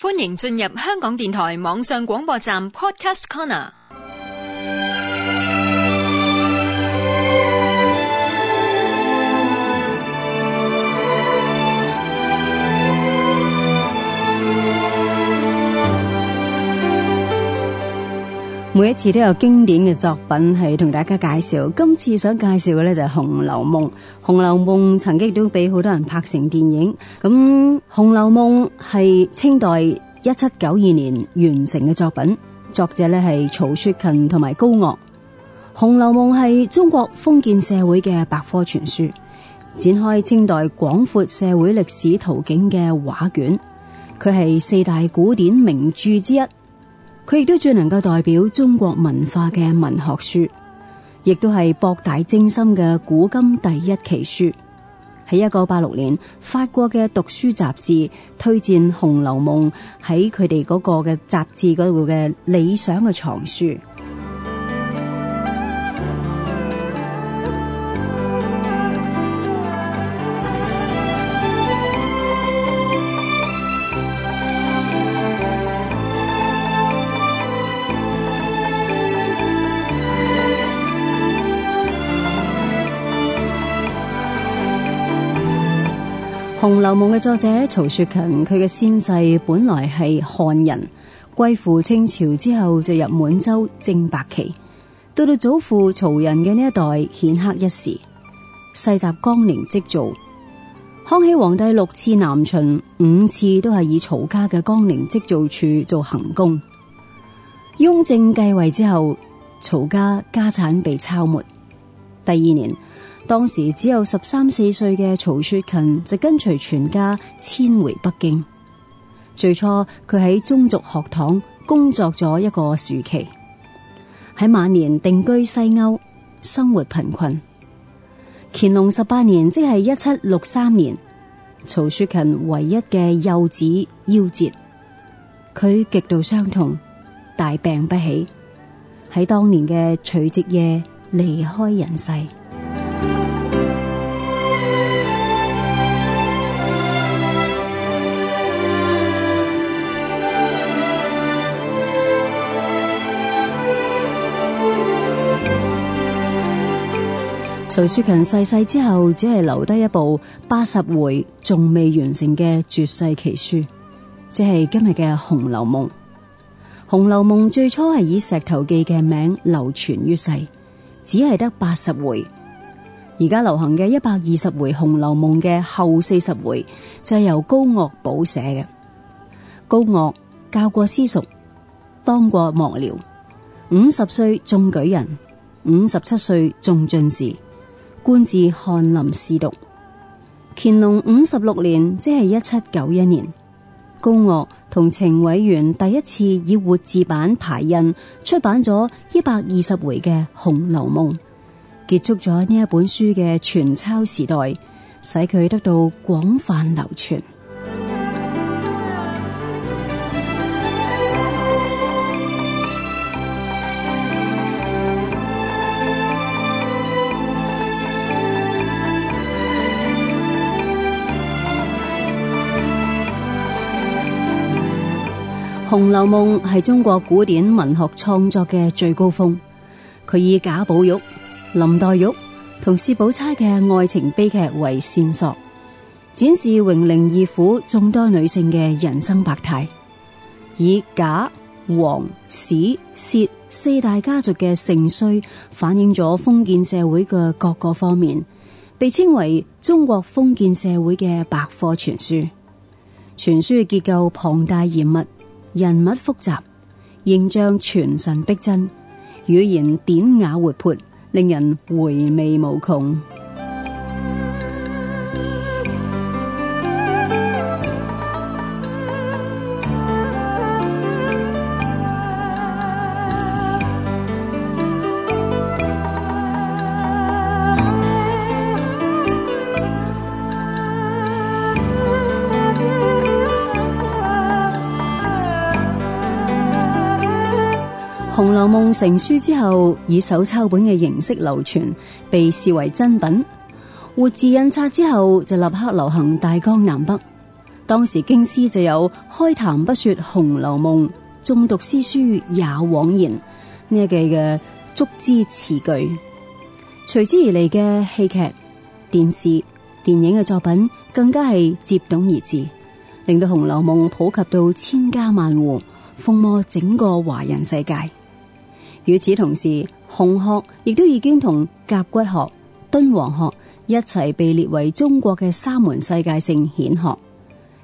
歡迎進入香港電台網上廣播站 Podcast Corner。每一次都有經典嘅作品係同大家介紹，今次想介紹嘅咧就係《紅樓夢》。《紅樓夢》曾經都俾好多人拍成電影。咁《紅樓夢》係清代一七九二年完成嘅作品，作者咧係曹雪芹同埋高鶚。《紅樓夢》係中國封建社會嘅百科全書，展開清代廣闊社會歷史圖景嘅畫卷。佢係四大古典名著之一。佢亦都最能夠代表中國文化嘅文學書，亦都係博大精深嘅古今第一奇書。喺一九八六年，法國嘅讀書雜誌推薦《紅樓夢》，喺佢哋嗰個嘅雜誌嗰度嘅理想嘅藏書。《紅樓夢》嘅作者曹雪芹，佢嘅先世本來係漢人，歸附清朝之後就入滿洲正白旗。到到祖父曹寅嘅呢一代顯赫一時，世襲江寧織造。康熙皇帝六次南巡，五次都係以曹家嘅江寧織造處做行宮。雍正繼位之後，曹家家產被抄沒。第二年。當時只有十三四歲嘅曹雪芹就跟隨全家遷回北京。最初佢喺宗族學堂工作咗一個時期，喺晚年定居西歐，生活貧困。乾隆十八年，即係一七六三年，曹雪芹唯一嘅幼子夭折，佢極度傷痛，大病不起，喺當年嘅除夕夜離開人世。曹雪芹逝世之後，只係留低一部八十回仲未完成嘅絕世奇書，即係今日嘅《紅樓夢》。《紅樓夢》最初係以《石頭記》嘅名流傳於世，只係得八十回。而家流行嘅一百二十回《紅樓夢》嘅後四十回就係由高鶚補寫嘅。高鶚教過私塾，當過幕僚，五十歲中舉人，五十七歲中進士。官至翰林侍讀，乾隆五十六年，即係一七九一年，高鶚同程偉元第一次以活字版排印出版咗一百二十回嘅《紅樓夢》，結束咗呢一本書嘅全抄時代，使佢得到廣泛流傳。《紅樓夢》係中國古典文學創作嘅最高峰。佢以賈寶玉、林黛玉同薛寶釵嘅愛情悲劇為線索，展示榮寧二府眾多女性嘅人生百態。以賈、王、史、薛四大家族嘅盛衰，反映咗封建社會嘅各個方面，被稱為中國封建社會嘅百科全書。全書嘅結構龐大嚴密。人物複雜，形象傳神逼真，語言典雅活潑，令人回味無窮。《紅樓夢》成書之後，以手抄本嘅形式流傳，被視為珍品；活字印刷之後，就立刻流行大江南北。當時京師就有“開談不說《紅樓夢》，縱讀詩書也枉然”呢一句嘅足之詞句。隨之而嚟嘅戲劇、電視、電影嘅作品，更加係接踵而至，令到《紅樓夢》普及到千家萬戶，風靡整個華人世界。與此同時，紅學亦都已經同甲骨學、敦煌學一齊被列為中國嘅三門世界性顯學。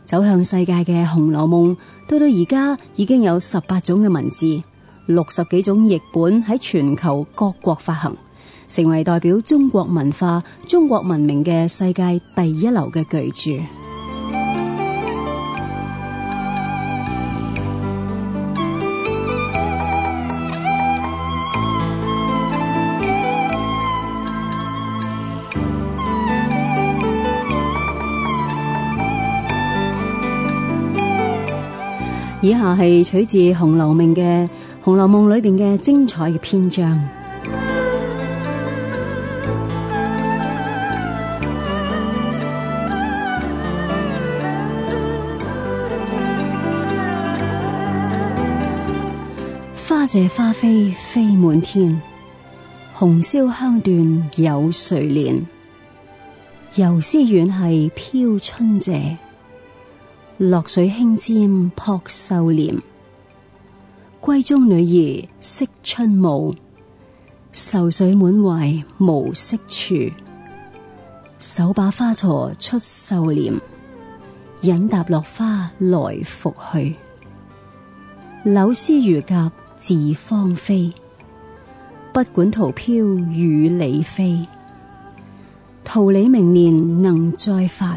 走向世界嘅《紅樓夢》，到到而家已經有十八種嘅文字，六十幾種譯本喺全球各國發行，成為代表中國文化、中國文明嘅世界第一流嘅巨著。以下係取自紅樓《紅樓夢》嘅《紅樓夢》裏邊嘅精彩嘅篇章。花謝花飛飛滿天，紅消香斷有誰憐？游絲軟繫飄春榭，落水輕沾撲繡簾，閨中女兒惜春暮，愁水滿懷無色處，手把花鋤出繡簾，引踏落花來復去。柳絲如莢自芳菲，不管桃飄與李飛，桃李明年能再發，